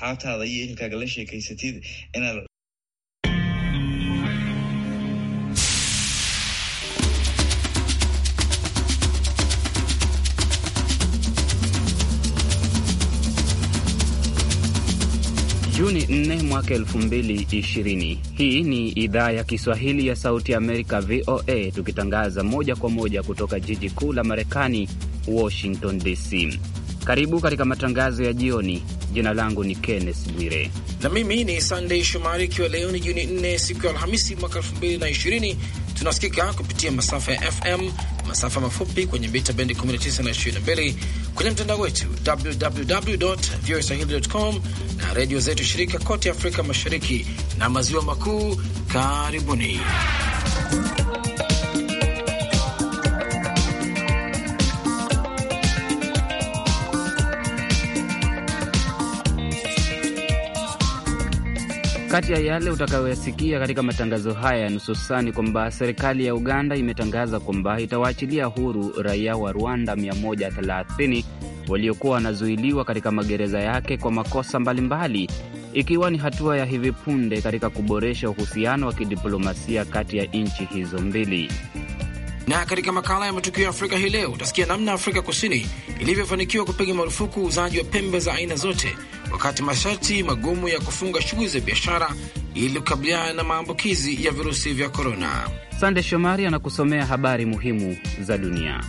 cawtaada iyo la sheekaysatid inaad Juni 4 mwaka 2020. Hii ni idhaa ya Kiswahili ya Sauti Amerika, VOA, tukitangaza moja kwa moja kutoka jiji kuu la Marekani, Washington DC. Karibu katika matangazo ya jioni. Jina langu ni Kenneth Bwire na mimi ni sandey Shomari, ikiwa leo ni Juni 4 siku ya Alhamisi mwaka 220 Tunasikika kupitia masafa ya FM, masafa mafupi kwenye mita bendi 19 na 22, kwenye mtandao wetu www voaswahili com na redio zetu shirika kote Afrika Mashariki na Maziwa Makuu. Karibuni. Kati ya yale utakayoyasikia katika matangazo haya ya nusu ni kwamba serikali ya Uganda imetangaza kwamba itawaachilia huru raia wa Rwanda 130 waliokuwa wanazuiliwa katika magereza yake kwa makosa mbalimbali, ikiwa ni hatua ya hivi punde katika kuboresha uhusiano wa kidiplomasia kati ya nchi hizo mbili. Na katika makala ya matukio ya Afrika hii leo utasikia namna Afrika Kusini ilivyofanikiwa kupiga marufuku uuzaji wa pembe za aina zote wakati masharti magumu ya kufunga shughuli za biashara ili kukabiliana na maambukizi ya virusi vya korona. Sande Shomari anakusomea habari muhimu za dunia.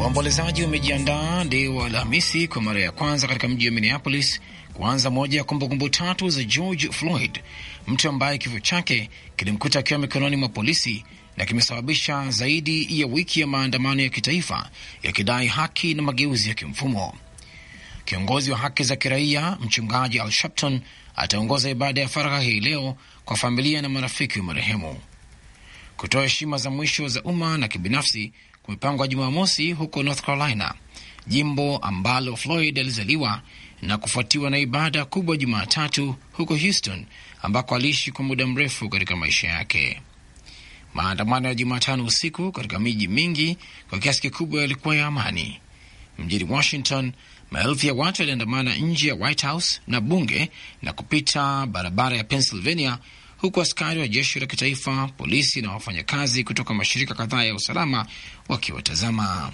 Waombolezaji wamejiandaa leo Alhamisi kwa mara ya kwanza katika mji wa Minneapolis kuanza moja ya kumbukumbu tatu za George Floyd, mtu ambaye kifo chake kilimkuta akiwa mikononi mwa polisi na kimesababisha zaidi ya wiki ya maandamano ya kitaifa yakidai haki na mageuzi ya kimfumo. Kiongozi wa haki za kiraia mchungaji Al Sharpton ataongoza ibada ya faragha hii leo kwa familia na marafiki wa marehemu. Kutoa heshima za mwisho za umma na kibinafsi kumepangwa Jumamosi huko North Carolina, jimbo ambalo Floyd alizaliwa na kufuatiwa na ibada kubwa Jumatatu huko Houston ambako aliishi kwa muda mrefu katika maisha yake. Maandamano ya Jumatano usiku katika miji mingi kwa kiasi kikubwa yalikuwa ya amani. Mjini Washington, maelfu ya watu yaliandamana nje ya White House na bunge na kupita barabara ya Pennsylvania, huku askari wa jeshi la kitaifa, polisi na wafanyakazi kutoka mashirika kadhaa ya usalama wakiwatazama.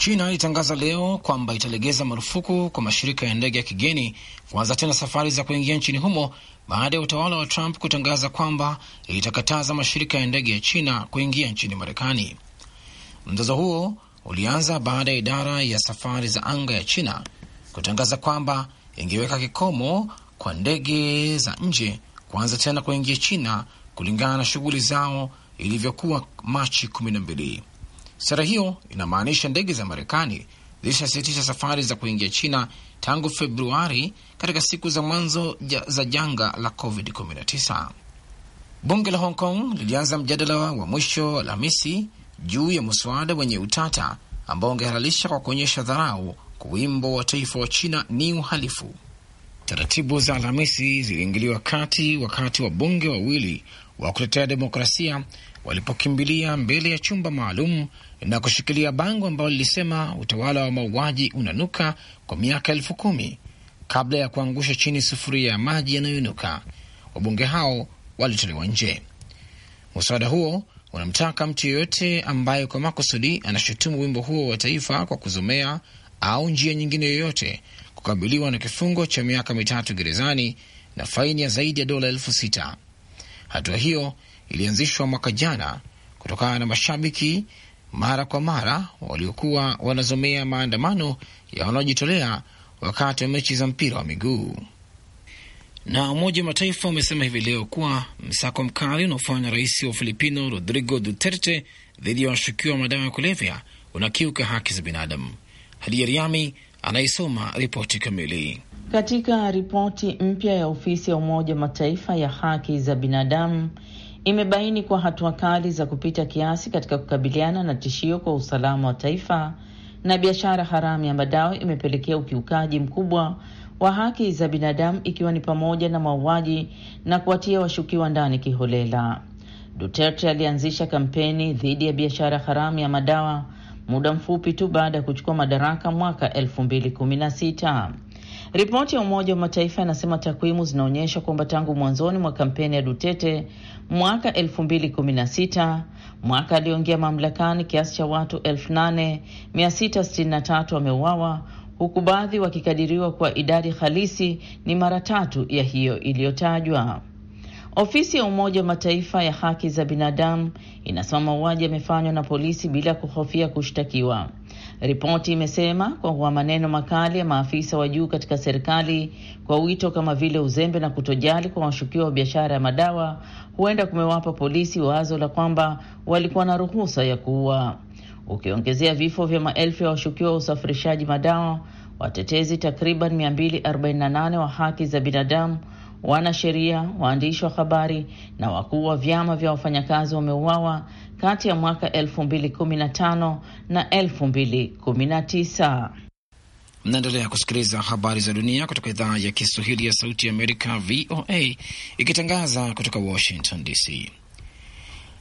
China ilitangaza leo kwamba italegeza marufuku kwa mashirika ya ndege ya kigeni kuanza tena safari za kuingia nchini humo baada ya utawala wa Trump kutangaza kwamba itakataza mashirika ya ndege ya China kuingia nchini Marekani. Mzozo huo ulianza baada ya idara ya safari za anga ya China kutangaza kwamba ingeweka kikomo kwa ndege za nje kuanza tena kuingia China kulingana na shughuli zao ilivyokuwa Machi kumi na mbili. Sera hiyo inamaanisha ndege za Marekani zilishasitisha safari za kuingia China tangu Februari katika siku za mwanzo za janga la COVID-19. Bunge la Hong Kong lilianza mjadala wa mwisho Alhamisi juu ya muswada wenye utata ambao ungehalalisha kwa kuonyesha dharau kwa wimbo wa taifa wa China ni uhalifu. Taratibu za Alhamisi ziliingiliwa kati wakati wa bunge wawili wa kutetea demokrasia walipokimbilia mbele ya chumba maalum na kushikilia bango ambalo lilisema utawala wa mauaji unanuka kwa miaka elfu kumi kabla ya kuangusha chini sufuria ya maji yanayoinuka. Wabunge hao walitolewa nje. Mswada huo unamtaka mtu yeyote ambaye kwa makusudi anashutumu wimbo huo wa taifa kwa kuzomea au njia nyingine yoyote kukabiliwa na kifungo cha miaka mitatu gerezani na faini ya zaidi ya dola elfu sita. Hatua hiyo ilianzishwa mwaka jana kutokana na mashabiki mara kwa mara waliokuwa wanazomea maandamano ya wanaojitolea wakati wa mechi za mpira wa miguu. Na Umoja wa Mataifa umesema hivi leo kuwa msako mkali unaofanya rais wa Filipino Rodrigo Duterte dhidi ya washukiwa wa madawa ya kulevya unakiuka haki za binadamu. Hadija Riami anayesoma ripoti kamili. Katika ripoti mpya ya ofisi ya Umoja wa Mataifa ya haki za binadamu imebaini kuwa hatua kali za kupita kiasi katika kukabiliana na tishio kwa usalama wa taifa na biashara haramu ya madawa imepelekea ukiukaji mkubwa wa haki za binadamu ikiwa ni pamoja na mauaji na kuwatia washukiwa ndani kiholela. Duterte alianzisha kampeni dhidi ya biashara haramu ya madawa muda mfupi tu baada ya kuchukua madaraka mwaka 2016. Ripoti ya Umoja wa Mataifa inasema takwimu zinaonyesha kwamba tangu mwanzoni mwa kampeni ya dutete mwaka 2016 mwaka aliyoingia mamlakani, kiasi cha watu 8663 wameuawa huku baadhi wakikadiriwa kwa idadi halisi ni mara tatu ya hiyo iliyotajwa. Ofisi ya Umoja wa Mataifa ya haki za binadamu inasema mauaji yamefanywa na polisi bila kuhofia kushtakiwa. Ripoti imesema kwa maneno makali ya maafisa wa juu katika serikali kwa wito kama vile uzembe na kutojali kwa washukiwa wa biashara ya madawa huenda kumewapa polisi wazo la kwamba walikuwa na ruhusa ya kuua. Ukiongezea vifo vya maelfu ya washukiwa wa usafirishaji madawa, watetezi takriban 248 wa haki za binadamu Wanasheria, waandishi wa habari na wakuu wa vyama vya wafanyakazi wameuawa kati ya mwaka 2015 na 2019. Mnaendelea kusikiliza habari za dunia kutoka idhaa ya Kiswahili ya Sauti ya Amerika, VOA, ikitangaza kutoka Washington DC.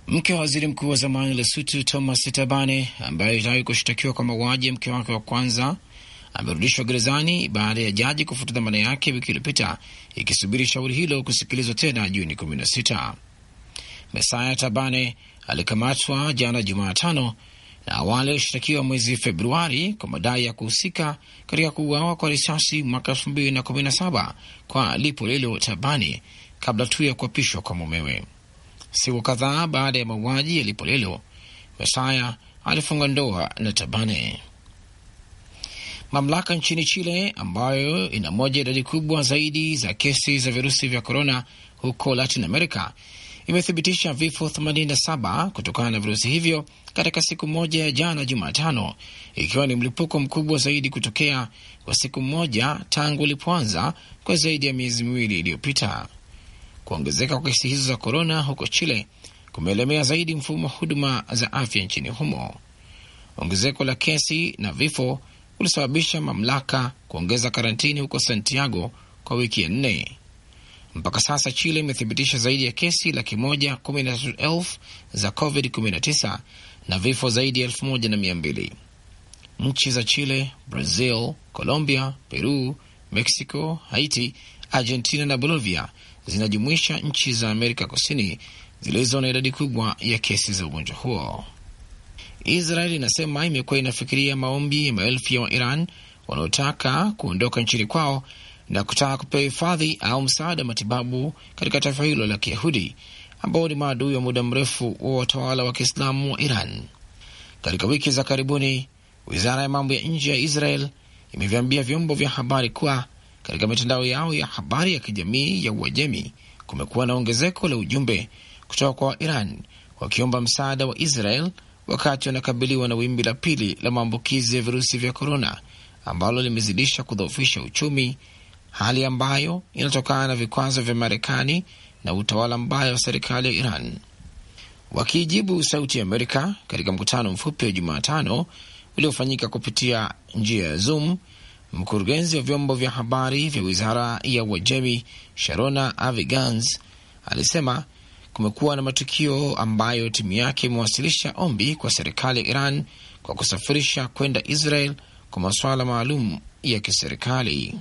Mke wa waziri mkuu wa zamani lesutu Thomas tabane ambaye tayari kushtakiwa kwa mauaji ya mke wake wa kwanza amerudishwa gerezani baada ya jaji kufuta dhamana yake wiki iliyopita ikisubiri shauri hilo kusikilizwa tena Juni 16. Mesaya Tabane alikamatwa jana Jumatano na awali alishtakiwa mwezi Februari kwa madai ya kuhusika katika kuuawa kwa risasi mwaka na saba kwa lipo lilo Tabane kabla tu ya kuapishwa kwa mumewe. Siku kadhaa baada ya mauaji ya lipo lilo, Mesaya alifunga ndoa na Tabane. Mamlaka nchini Chile, ambayo ina moja idadi kubwa zaidi za kesi za virusi vya korona huko Latin America, imethibitisha vifo 87 kutokana na virusi hivyo katika siku moja ya jana Jumatano, ikiwa ni mlipuko mkubwa zaidi kutokea kwa siku moja tangu ulipoanza kwa zaidi ya miezi miwili iliyopita. Kuongezeka kwa kesi hizo za korona huko Chile kumeelemea zaidi mfumo wa huduma za afya nchini humo. Ongezeko la kesi na vifo ulisababisha mamlaka kuongeza karantini huko Santiago kwa wiki ya nne. Mpaka sasa Chile imethibitisha zaidi ya kesi laki moja kumi na tatu elfu za COVID-19 na vifo zaidi ya elfu moja na mia mbili. Nchi za Chile, Brazil, Colombia, Peru, Mexico, Haiti, Argentina na Bolivia zinajumuisha nchi za Amerika Kusini zilizo na idadi kubwa ya kesi za ugonjwa huo. Israel inasema imekuwa inafikiria maombi ya maelfu ya Wairan wanaotaka kuondoka nchini kwao na kutaka kupewa hifadhi au msaada wa matibabu katika taifa hilo la Kiyahudi ambao ni maadui wa muda mrefu wa watawala wa Kiislamu wa Iran. Katika wiki za karibuni, wizara ya mambo ya nje ya Israel imeviambia vyombo vya habari kuwa katika mitandao yao ya habari ya kijamii ya Uajemi kumekuwa na ongezeko la ujumbe kutoka kwa Iran wakiomba msaada wa Israel wakati wanakabiliwa na wimbi la pili la maambukizi ya virusi vya korona ambalo limezidisha kudhoofisha uchumi, hali ambayo inatokana na vikwazo vya Marekani na utawala mbaya wa serikali ya Iran. Wakiijibu Sauti ya Amerika katika mkutano mfupi wa Jumatano uliofanyika kupitia njia ya Zoom, mkurugenzi wa vyombo vya habari vya wizara ya Uajemi Sharona Avigans alisema kumekuwa na matukio ambayo timu yake imewasilisha ombi kwa serikali ya Iran kwa kusafirisha kwenda Israel kwa masuala maalum ya kiserikali.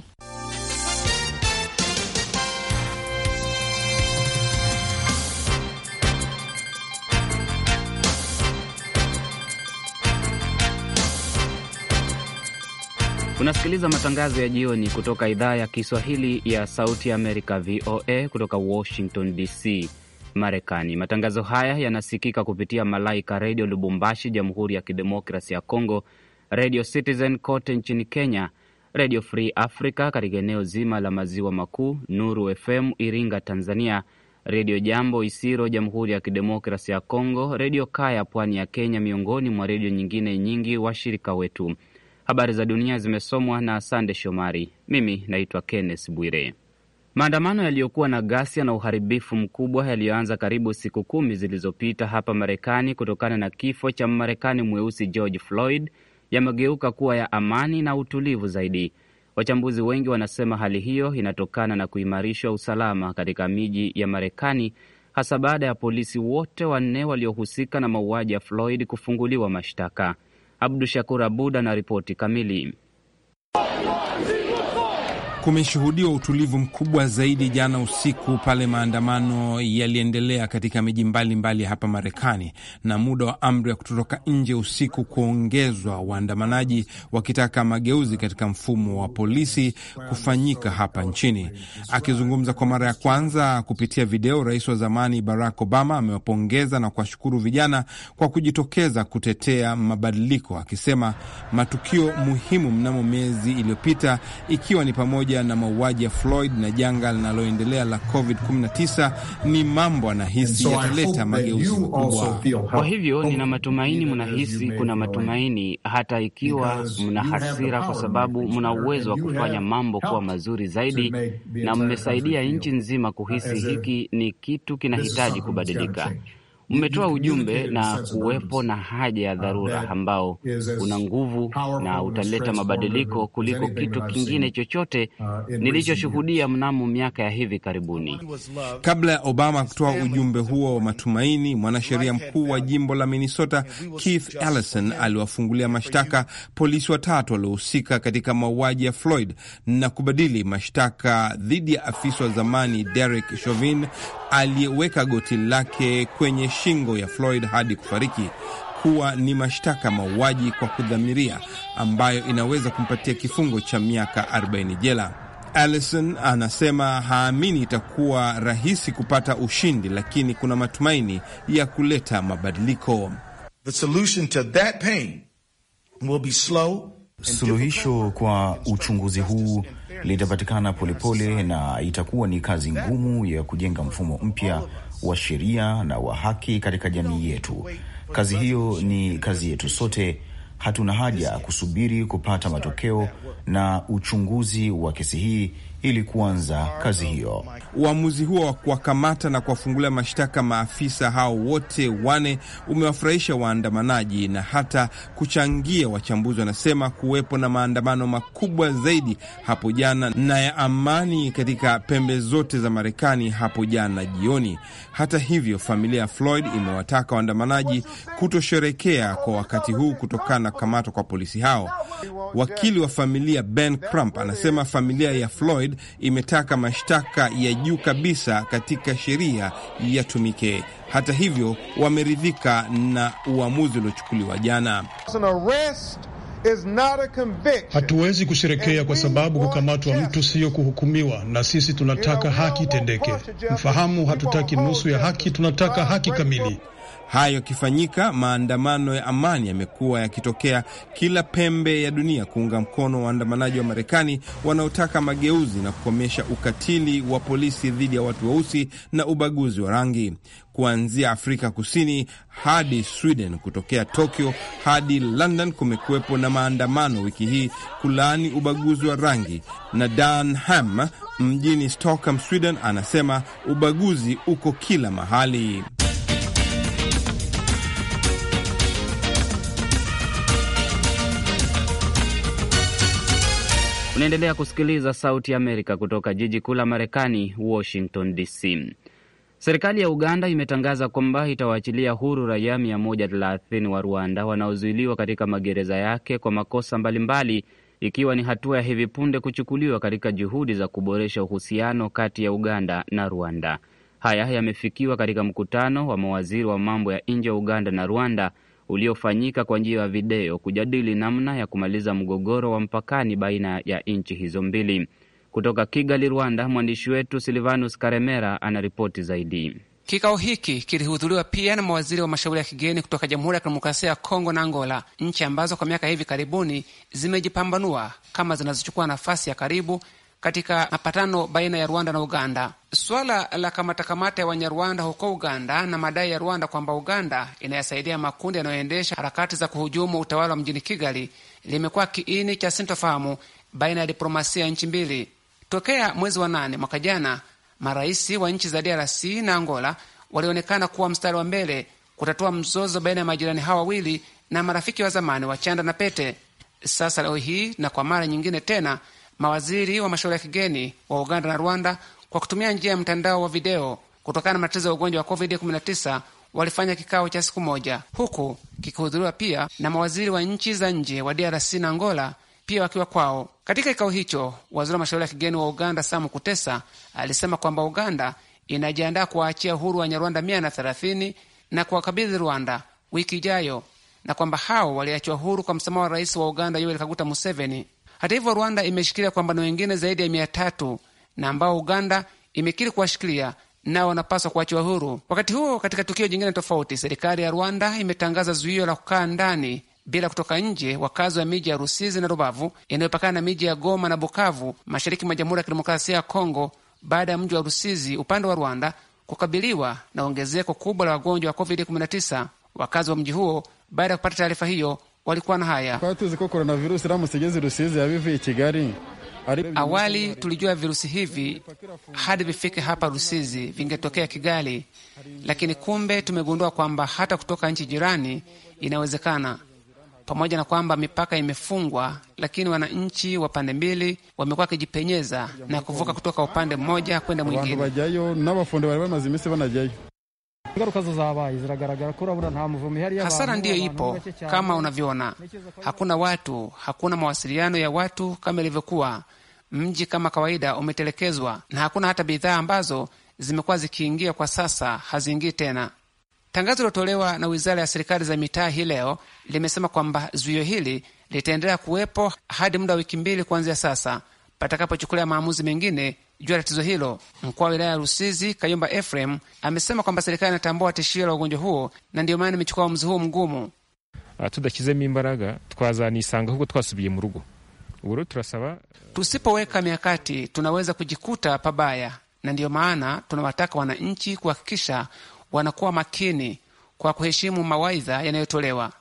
Unasikiliza matangazo ya jioni kutoka idhaa ya Kiswahili ya Sauti ya Amerika, VOA, kutoka Washington DC. Marekani. Matangazo haya yanasikika kupitia Malaika Redio Lubumbashi, Jamhuri ya Kidemokrasi ya congo Redio Citizen kote nchini Kenya, Redio Free Africa katika eneo zima la maziwa makuu, Nuru FM Iringa, Tanzania, Redio Jambo Isiro, Jamhuri ya Kidemokrasi ya congo Redio Kaya pwani ya Kenya, miongoni mwa redio nyingine nyingi washirika wetu. Habari za dunia zimesomwa na Sande Shomari. Mimi naitwa Kenneth Bwire. Maandamano yaliyokuwa na ghasia na uharibifu mkubwa yaliyoanza karibu siku kumi zilizopita hapa Marekani kutokana na kifo cha Mmarekani mweusi George Floyd yamegeuka kuwa ya amani na utulivu zaidi. Wachambuzi wengi wanasema hali hiyo inatokana na kuimarishwa usalama katika miji ya Marekani, hasa baada ya polisi wote wanne waliohusika na mauaji ya Floyd kufunguliwa mashtaka. Abdu Shakur Abud ana ripoti kamili kumeshuhudiwa utulivu mkubwa zaidi jana usiku pale maandamano yaliendelea katika miji mbalimbali hapa Marekani, na muda wa amri ya kutotoka nje usiku kuongezwa, waandamanaji wakitaka mageuzi katika mfumo wa polisi kufanyika hapa nchini. Akizungumza kwa mara ya kwanza kupitia video, rais wa zamani Barack Obama amewapongeza na kuwashukuru vijana kwa kujitokeza kutetea mabadiliko, akisema matukio muhimu mnamo miezi iliyopita ikiwa ni pamoja pamoja na mauaji ya Floyd na janga linaloendelea la COVID-19 ni mambo anahisi so yataleta mageuzi makubwa. Kwa hivyo nina matumaini, mnahisi kuna matumaini, hata ikiwa mna hasira, kwa sababu mna uwezo wa kufanya mambo kuwa mazuri zaidi, na mmesaidia nchi nzima kuhisi uh, hiki ni kitu kinahitaji kubadilika. Mmetoa ujumbe na kuwepo na haja ya uh, dharura ambao una nguvu na utaleta mabadiliko kuliko kitu kingine chochote uh, nilichoshuhudia mnamo miaka ya hivi karibuni. Kabla ya Obama kutoa ujumbe huo wa matumaini, mwanasheria mkuu wa jimbo la Minnesota Keith Ellison aliwafungulia mashtaka polisi watatu waliohusika katika mauaji ya Floyd na kubadili mashtaka dhidi ya afisa wa zamani Derek Chauvin aliyeweka goti lake kwenye shingo ya Floyd hadi kufariki kuwa ni mashtaka mauaji kwa kudhamiria ambayo inaweza kumpatia kifungo cha miaka 40 jela. Allison anasema haamini itakuwa rahisi kupata ushindi, lakini kuna matumaini ya kuleta mabadiliko. The solution to that pain will be slow. Suluhisho kwa uchunguzi huu litapatikana polepole na itakuwa ni kazi ngumu ya kujenga mfumo mpya wa sheria na wa haki katika jamii yetu. Kazi hiyo ni kazi yetu sote. Hatuna haja kusubiri kupata matokeo na uchunguzi wa kesi hii ili kuanza kazi hiyo. Uamuzi huo wa kuwakamata na kuwafungulia mashtaka maafisa hao wote wane umewafurahisha waandamanaji na hata kuchangia, wachambuzi wanasema, kuwepo na maandamano makubwa zaidi hapo jana na ya amani katika pembe zote za Marekani hapo jana jioni. Hata hivyo, familia ya Floyd imewataka waandamanaji kutosherekea kwa wakati huu kutokana na kukamatwa kwa polisi hao. Wakili wa familia Ben Crump anasema familia ya Floyd Floyd imetaka mashtaka ya juu kabisa katika sheria yatumike. Hata hivyo, wameridhika na uamuzi uliochukuliwa jana. Hatuwezi kusherekea kwa sababu kukamatwa mtu siyo kuhukumiwa, na sisi tunataka haki itendeke. Mfahamu, hatutaki nusu ya haki, tunataka haki kamili. Hayo yakifanyika, maandamano ya amani yamekuwa yakitokea kila pembe ya dunia kuunga mkono waandamanaji wa Marekani wanaotaka mageuzi na kukomesha ukatili wa polisi dhidi ya watu weusi na ubaguzi wa rangi kuanzia Afrika Kusini hadi Sweden, kutokea Tokyo hadi London, kumekuwepo na maandamano wiki hii kulaani ubaguzi wa rangi. Na Dan Ham mjini Stockholm, Sweden, anasema ubaguzi uko kila mahali. Unaendelea kusikiliza Sauti Amerika kutoka jiji kuu la Marekani, Washington DC. Serikali ya Uganda imetangaza kwamba itawaachilia huru raia 130 wa Rwanda wanaozuiliwa katika magereza yake kwa makosa mbalimbali, ikiwa ni hatua ya hivi punde kuchukuliwa katika juhudi za kuboresha uhusiano kati ya Uganda na Rwanda. Haya yamefikiwa katika mkutano wa mawaziri wa mambo ya nje ya Uganda na Rwanda uliofanyika kwa njia ya video kujadili namna ya kumaliza mgogoro wa mpakani baina ya nchi hizo mbili. Kutoka Kigali, Rwanda, mwandishi wetu Silvanus Karemera anaripoti zaidi. Kikao hiki kilihudhuriwa pia na mawaziri wa mashauri ya kigeni kutoka Jamhuri ya Kidemokrasia ya Kongo na Angola, nchi ambazo kwa miaka hivi karibuni zimejipambanua kama zinazochukua nafasi ya karibu katika mapatano baina ya Rwanda na Uganda. Swala la kamatakamata ya Wanyarwanda huko Uganda na madai ya Rwanda kwamba Uganda inayasaidia makundi yanayoendesha harakati za kuhujumu utawala wa mjini Kigali limekuwa kiini cha sintofahamu baina ya diplomasia ya nchi mbili. Tokea mwezi wa nane mwaka jana, marais wa nchi za DRC na Angola walionekana kuwa mstari wa mbele kutatua mzozo baina ya majirani hawa wawili na marafiki wa zamani wa chanda na pete. Sasa leo hii na kwa mara nyingine tena mawaziri wa mashauri ya kigeni wa Uganda na Rwanda kwa kutumia njia ya mtandao wa video kutokana na matatizo ya ugonjwa wa COVID-19 walifanya kikao cha siku moja, huku kikihudhuriwa pia na mawaziri wa nchi za nje wa DRC na Angola pia wakiwa kwao. Katika kikao hicho, waziri wa mashauri ya kigeni wa Uganda Sam Kutesa alisema kwamba Uganda inajiandaa kuwaachia uhuru Wanyarwanda mia na na kuwakabidhi Rwanda wiki ijayo, na kwamba hao waliachiwa huru kwa msamaha wa rais wa Uganda Yoweri Kaguta Museveni. Hata hivyo, Rwanda imeshikilia mapambano wengine zaidi ya mia tatu na ambao Uganda imekiri kuwashikilia nao wanapaswa kuachiwa huru. Wakati huo, katika tukio jingine tofauti, serikali ya Rwanda imetangaza zuio la kukaa ndani bila kutoka nje wakazi wa miji ya Rusizi na Rubavu inayopakana na miji ya Goma na Bukavu mashariki mwa Jamhuri ya Kidemokrasia ya Kongo baada ya mji wa Rusizi upande wa Rwanda kukabiliwa na ongezeko kubwa la wagonjwa wa COVID-19. Wakazi wa mji huo baada ya kupata taarifa hiyo walikuwa na haya. Rusizi Awali tulijua virusi hivi hadi vifike hapa Rusizi vingetokea Kigali, lakini kumbe tumegundua kwamba hata kutoka nchi jirani inawezekana. Pamoja na kwamba mipaka imefungwa, lakini wananchi wa pande mbili wamekuwa wakijipenyeza na kuvuka kutoka upande mmoja kwenda mwingine. Hasara ndiyo ipo kama unavyoona, hakuna watu, hakuna mawasiliano ya watu kama ilivyokuwa. Mji kama kawaida umetelekezwa na hakuna hata bidhaa ambazo zimekuwa zikiingia kwa sasa haziingii tena. Tangazo lilotolewa na wizara ya serikali za mitaa hii leo limesema kwamba zuio hili litaendelea kuwepo hadi muda wa wiki mbili kuanzia sasa, patakapochukulia maamuzi mengine juu ya tatizo hilo, mkuu wa wilaya ya Rusizi Kayumba Efrem amesema kwamba serikali inatambua tishio la ugonjwa huo na ndiyo maana imechukua uamuzi huo mgumu. Ah, tudashyizemo imbaraga twazanisanga ahubwo twasubiye mu rugo uburo turasaba. Tusipoweka mikakati tunaweza kujikuta pabaya, na ndiyo maana tunawataka wananchi kuhakikisha wanakuwa makini kwa kuheshimu mawaidha yanayotolewa.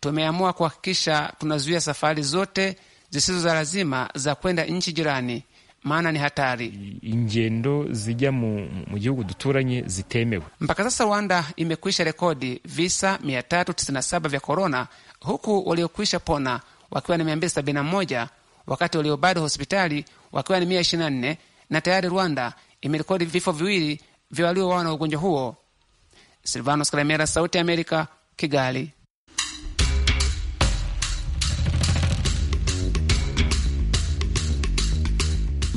Tumeamua kuhakikisha tunazuia safari zote zisizo za lazima za kwenda nchi jirani maana ni hatari. ingendo zijya mu gihugu duturanye zitemewe. Mpaka sasa Rwanda imekwisha rekodi visa 397 vya korona, huku waliokwisha pona wakiwa ni 271 wakati walio bado hospitali wakiwa ni 124 na tayari Rwanda imerekodi vifo viwili vya waliowawa na ugonjwa huo. Silvanos Kalemera, Sauti ya Amerika, Kigali.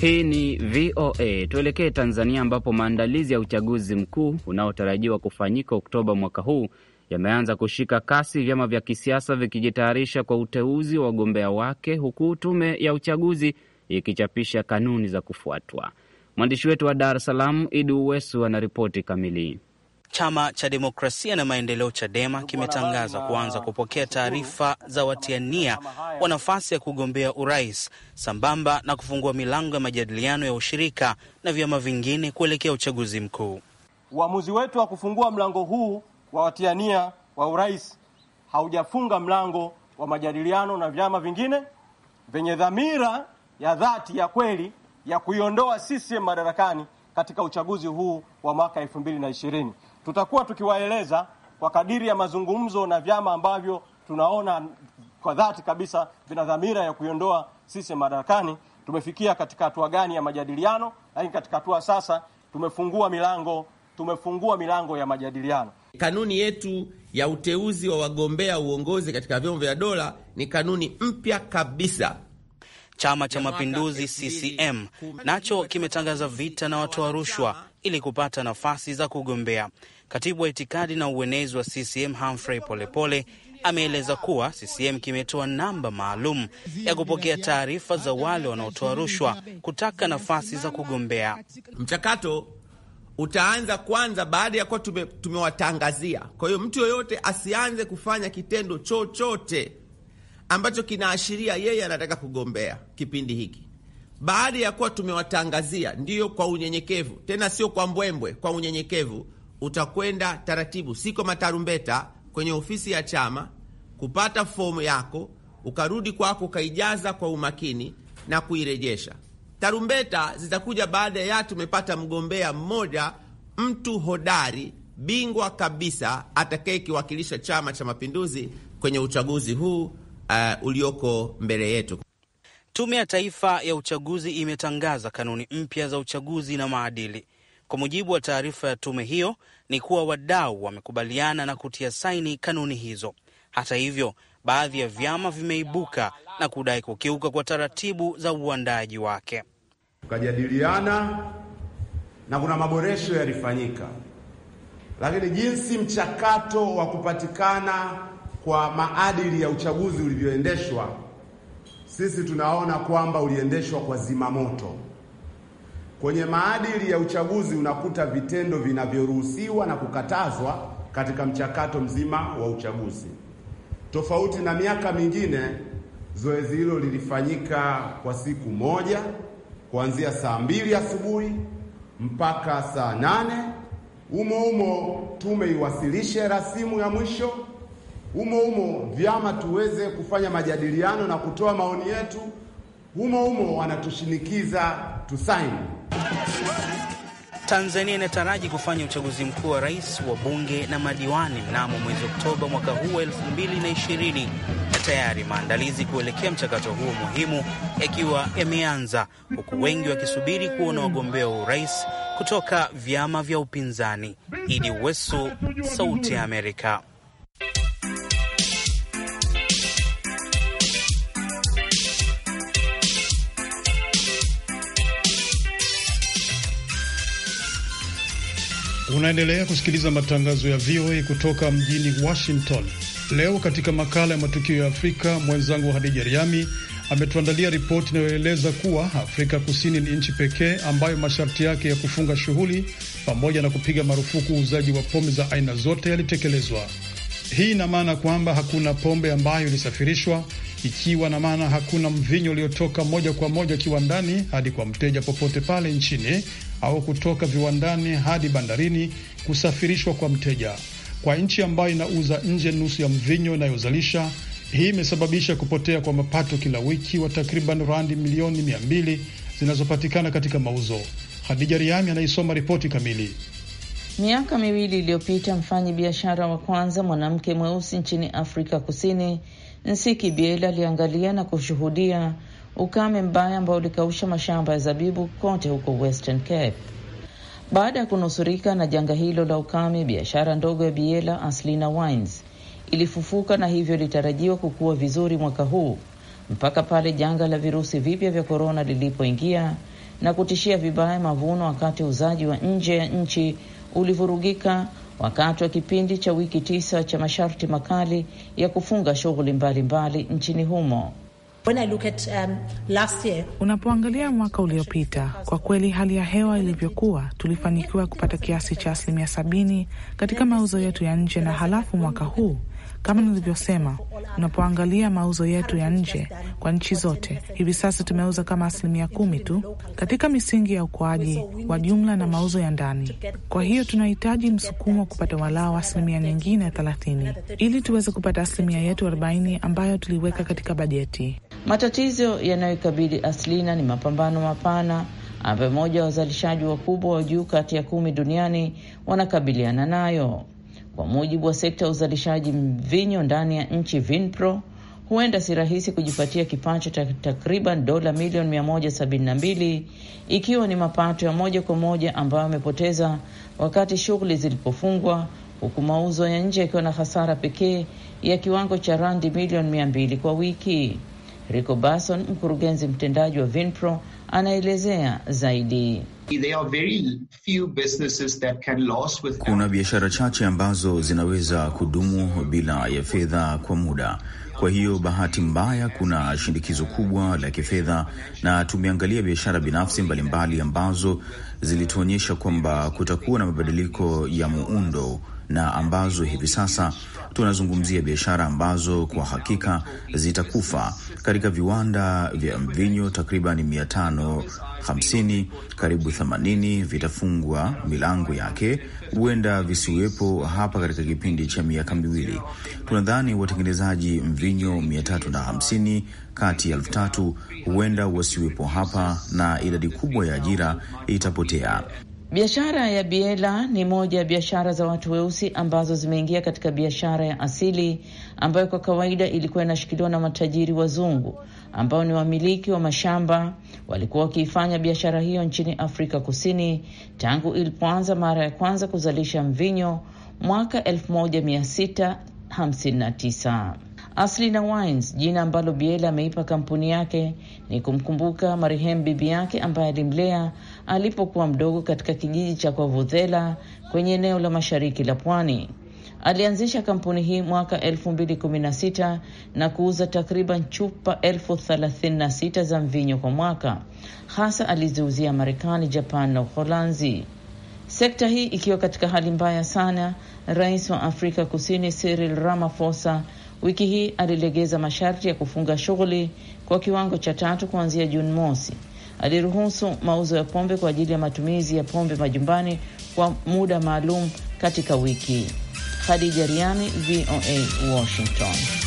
Hii ni VOA. Tuelekee Tanzania, ambapo maandalizi ya uchaguzi mkuu unaotarajiwa kufanyika Oktoba mwaka huu yameanza kushika kasi, vyama vya kisiasa vikijitayarisha kwa uteuzi wa wagombea wake, huku tume ya uchaguzi ikichapisha kanuni za kufuatwa. Mwandishi wetu wa Dar es Salaam, Idi Uwesu, anaripoti kamili. Chama cha Demokrasia na Maendeleo, CHADEMA, kimetangaza kuanza kupokea taarifa za watiania wa nafasi ya kugombea urais sambamba na kufungua milango ya majadiliano ya ushirika na vyama vingine kuelekea uchaguzi mkuu. Uamuzi wetu wa kufungua mlango huu wa watiania wa urais haujafunga mlango wa majadiliano na vyama vingine vyenye dhamira ya dhati ya kweli ya kuiondoa CCM madarakani katika uchaguzi huu wa mwaka 2020 tutakuwa tukiwaeleza kwa kadiri ya mazungumzo na vyama ambavyo tunaona kwa dhati kabisa vina dhamira ya kuiondoa sisi madarakani, tumefikia katika hatua gani ya majadiliano. Lakini katika hatua sasa tumefungua milango, tumefungua milango ya majadiliano. Kanuni yetu ya uteuzi wa wagombea uongozi katika vyombo vya dola ni kanuni mpya kabisa. Chama cha Mapinduzi CCM nacho kimetangaza vita na watoa rushwa ili kupata nafasi za kugombea. Katibu wa itikadi na uenezi wa CCM Humphrey Polepole ameeleza kuwa CCM kimetoa namba maalum ya kupokea taarifa za wale wanaotoa rushwa kutaka nafasi za kugombea. Mchakato utaanza kwanza baada ya kuwa tumewatangazia. Kwa hiyo mtu yoyote asianze kufanya kitendo chochote ambacho kinaashiria yeye anataka kugombea kipindi hiki baada ya kuwa tumewatangazia, ndiyo, kwa unyenyekevu, tena sio kwa mbwembwe, kwa unyenyekevu utakwenda taratibu, siko matarumbeta, kwenye ofisi ya chama kupata fomu yako, ukarudi kwako ukaijaza kwa umakini na kuirejesha. Tarumbeta zitakuja baada ya tumepata mgombea mmoja, mtu hodari, bingwa kabisa, atakayekiwakilisha Chama cha Mapinduzi kwenye uchaguzi huu uh, ulioko mbele yetu. Tume ya Taifa ya Uchaguzi imetangaza kanuni mpya za uchaguzi na maadili kwa mujibu wa taarifa ya tume hiyo, ni kuwa wadau wamekubaliana na kutia saini kanuni hizo. Hata hivyo, baadhi ya vyama vimeibuka na kudai kukiuka kwa taratibu za uandaji wake. Tukajadiliana na kuna maboresho yalifanyika, lakini jinsi mchakato wa kupatikana kwa maadili ya uchaguzi ulivyoendeshwa, sisi tunaona kwamba uliendeshwa kwa zimamoto. Kwenye maadili ya uchaguzi unakuta vitendo vinavyoruhusiwa na kukatazwa katika mchakato mzima wa uchaguzi. Tofauti na miaka mingine, zoezi hilo lilifanyika kwa siku moja kuanzia saa mbili asubuhi mpaka saa nane. Umo umo tume iwasilishe rasimu ya mwisho, umo umo vyama tuweze kufanya majadiliano na kutoa maoni yetu, umo umo wanatushinikiza tusaini. Tanzania inataraji kufanya uchaguzi mkuu wa rais wa bunge na madiwani mnamo mwezi Oktoba mwaka huu wa 2020 na tayari maandalizi kuelekea mchakato huo muhimu yakiwa yameanza, huku wengi wakisubiri kuona wagombea wa urais kutoka vyama vya upinzani. Idi Wesu, Sauti ya Amerika. Unaendelea kusikiliza matangazo ya VOA kutoka mjini Washington. Leo katika makala ya matukio ya Afrika, mwenzangu Hadija Riami ametuandalia ripoti inayoeleza kuwa Afrika Kusini ni nchi pekee ambayo masharti yake ya kufunga shughuli pamoja na kupiga marufuku uuzaji wa pombe za aina zote yalitekelezwa. Hii ina maana kwamba hakuna pombe ambayo ilisafirishwa ikiwa na maana hakuna mvinyo uliotoka moja kwa moja kiwandani hadi kwa mteja popote pale nchini au kutoka viwandani hadi bandarini kusafirishwa kwa mteja. Kwa nchi ambayo inauza nje nusu ya mvinyo inayozalisha, hii imesababisha kupotea kwa mapato kila wiki wa takriban randi milioni mia mbili zinazopatikana katika mauzo. Hadija Riami anaisoma ripoti kamili. Miaka miwili iliyopita, mfanyi biashara wa kwanza mwanamke mweusi nchini Afrika Kusini Nsikibiela aliangalia na kushuhudia ukame mbaya ambao ulikausha mashamba ya zabibu kote huko Western Cape. Baada ya kunusurika na janga hilo la ukame, biashara ndogo ya Biela Aslina Wines ilifufuka na hivyo ilitarajiwa kukua vizuri mwaka huu mpaka pale janga la virusi vipya vya korona lilipoingia na kutishia vibaya mavuno, wakati uzaji wa nje ya nchi ulivurugika wakati wa kipindi cha wiki tisa cha masharti makali ya kufunga shughuli mbalimbali nchini humo. When I look at, um, last year, unapoangalia mwaka uliopita kwa kweli hali ya hewa ilivyokuwa, tulifanikiwa kupata kiasi cha asilimia sabini katika mauzo yetu ya nje, na halafu mwaka huu kama nilivyosema, unapoangalia mauzo yetu ya nje kwa nchi zote, hivi sasa tumeuza kama asilimia kumi tu katika misingi ya ukuaji wa jumla na mauzo ya ndani. Kwa hiyo tunahitaji msukumo wa kupata walao asilimia nyingine thelathini ili tuweze kupata asilimia yetu arobaini ambayo tuliweka katika bajeti. Matatizo yanayoikabili Aslina ni mapambano mapana ambayo moja wa wazalishaji wakubwa wa juu kati ya kumi duniani wanakabiliana nayo. Kwa mujibu wa sekta ya uzalishaji mvinyo ndani ya nchi Vinpro, huenda si rahisi kujipatia kipato cha takriban dola milioni 172 ikiwa ni mapato ya moja kwa moja ambayo amepoteza wakati shughuli zilipofungwa, huku mauzo ya nje yakiwa na hasara pekee ya kiwango cha randi milioni 200 kwa wiki. Rico Basson, mkurugenzi mtendaji wa Vinpro, anaelezea zaidi. Kuna biashara chache ambazo zinaweza kudumu bila ya fedha kwa muda. Kwa hiyo bahati mbaya, kuna shindikizo kubwa la kifedha, na tumeangalia biashara binafsi mbalimbali ambazo zilituonyesha kwamba kutakuwa na mabadiliko ya muundo na ambazo hivi sasa tunazungumzia biashara ambazo kwa hakika zitakufa katika viwanda vya mvinyo takriban mia tano hamsini, karibu themanini vitafungwa milango yake, huenda visiwepo hapa katika kipindi cha miaka miwili. Tunadhani watengenezaji mvinyo mia tatu na hamsini kati ya elfu tatu huenda wasiwepo hapa na idadi kubwa ya ajira itapotea. Biashara ya biela ni moja ya biashara za watu weusi ambazo zimeingia katika biashara ya asili ambayo kwa kawaida ilikuwa inashikiliwa na matajiri wazungu ambao ni wamiliki wa mashamba. Walikuwa wakiifanya biashara hiyo nchini Afrika Kusini tangu ilipoanza mara ya kwanza kuzalisha mvinyo mwaka 1659. Aslina Wines, jina ambalo Biela ameipa kampuni yake, ni kumkumbuka marehemu bibi yake ambaye alimlea alipokuwa mdogo katika kijiji cha Kwavudhela kwenye eneo la mashariki la pwani. Alianzisha kampuni hii mwaka 2016 na kuuza takriban chupa elfu 36 za mvinyo kwa mwaka. Hasa aliziuzia Marekani, Japan na Uholanzi. Sekta hii ikiwa katika hali mbaya sana, rais wa Afrika Kusini Cyril Ramaphosa wiki hii alilegeza masharti ya kufunga shughuli kwa kiwango cha tatu kuanzia Juni mosi aliruhusu mauzo ya pombe kwa ajili ya matumizi ya pombe majumbani kwa muda maalum katika wiki. Khadija Riami, VOA, Washington.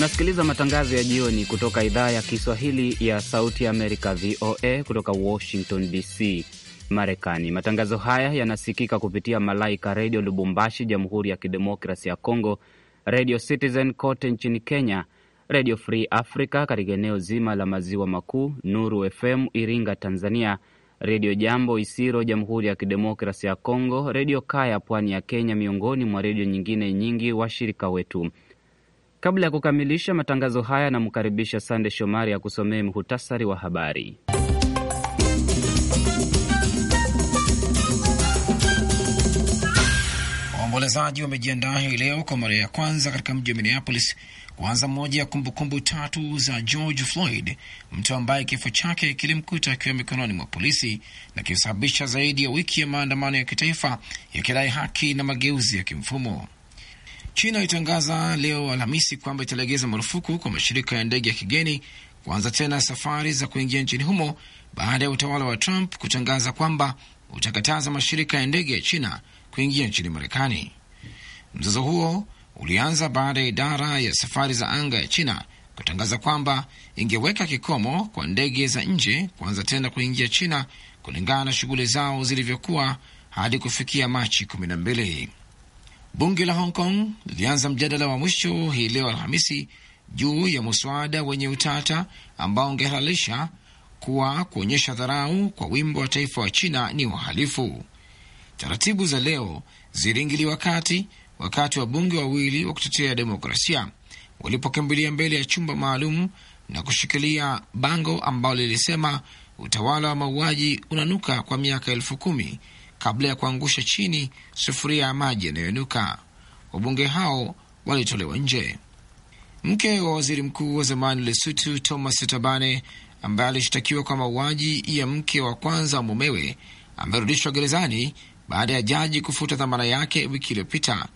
Unasikiliza matangazo ya jioni kutoka idhaa ya Kiswahili ya Sauti Amerika, VOA, kutoka Washington DC, Marekani. Matangazo haya yanasikika kupitia Malaika Redio Lubumbashi, Jamhuri ya Kidemokrasi ya congo Redio Citizen kote nchini Kenya, Redio Free Africa katika eneo zima la maziwa makuu, Nuru FM Iringa, Tanzania, Redio Jambo Isiro, Jamhuri ya Kidemokrasi ya congo Redio Kaya, pwani ya Kenya, miongoni mwa redio nyingine nyingi washirika wetu. Kabla ya kukamilisha matangazo haya, namkaribisha Sande Shomari akusomee mhutasari wa habari. Waombolezaji wamejiandaa hii leo kwa mara ya kwanza katika mji wa Minneapolis kuanza moja ya kumbukumbu tatu za George Floyd, mtu ambaye kifo chake kilimkuta akiwa mikononi mwa polisi na kilisababisha zaidi ya wiki ya maandamano ya kitaifa yakidai haki na mageuzi ya kimfumo. China ilitangaza leo Alhamisi kwamba italegeza marufuku kwa mashirika ya ndege ya kigeni kuanza tena safari za kuingia nchini humo baada ya utawala wa Trump kutangaza kwamba utakataza mashirika ya ndege ya China kuingia nchini Marekani. Mzozo huo ulianza baada ya idara ya safari za anga ya China kutangaza kwamba ingeweka kikomo kwa ndege za nje kuanza tena kuingia China kulingana na shughuli zao zilivyokuwa hadi kufikia Machi kumi na mbili. Bunge la Hong Kong lilianza mjadala wa mwisho hii leo Alhamisi juu ya muswada wenye utata ambao ungehalalisha kuwa kuonyesha dharau kwa wimbo wa taifa wa China ni uhalifu. Taratibu za leo ziliingiliwa kati wakati wa bunge wawili wa kutetea demokrasia walipokimbilia mbele ya chumba maalum na kushikilia bango ambalo lilisema utawala wa mauaji unanuka kwa miaka elfu kumi kabla ya kuangusha chini sufuria ya maji yanayoinuka. Wabunge hao walitolewa nje. Mke wa waziri mkuu wa zamani lesutu Thomas Tabane, ambaye alishtakiwa kwa mauaji ya mke wa kwanza wa mumewe, amerudishwa gerezani baada ya jaji kufuta dhamana yake wiki iliyopita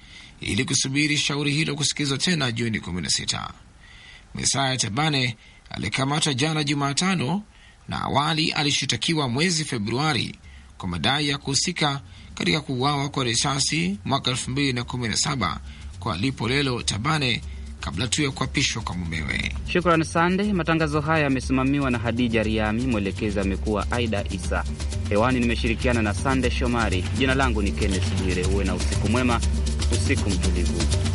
ili kusubiri shauri hilo kusikilizwa tena Juni 16. Mesaya Tabane alikamatwa jana Jumatano na awali alishitakiwa mwezi Februari kwa madai ya kuhusika katika kuuawa kwa risasi mwaka 2017 kwa lelo Tabane kabla tu ya kuapishwa kwa mumewe. Shukran Sande. Matangazo haya yamesimamiwa na Hadija Riami, mwelekezi amekuwa Aida Isa. Hewani nimeshirikiana na Sande Shomari. Jina langu ni Kennes Bwire. Uwe na usiku mwema, usiku mtulivu.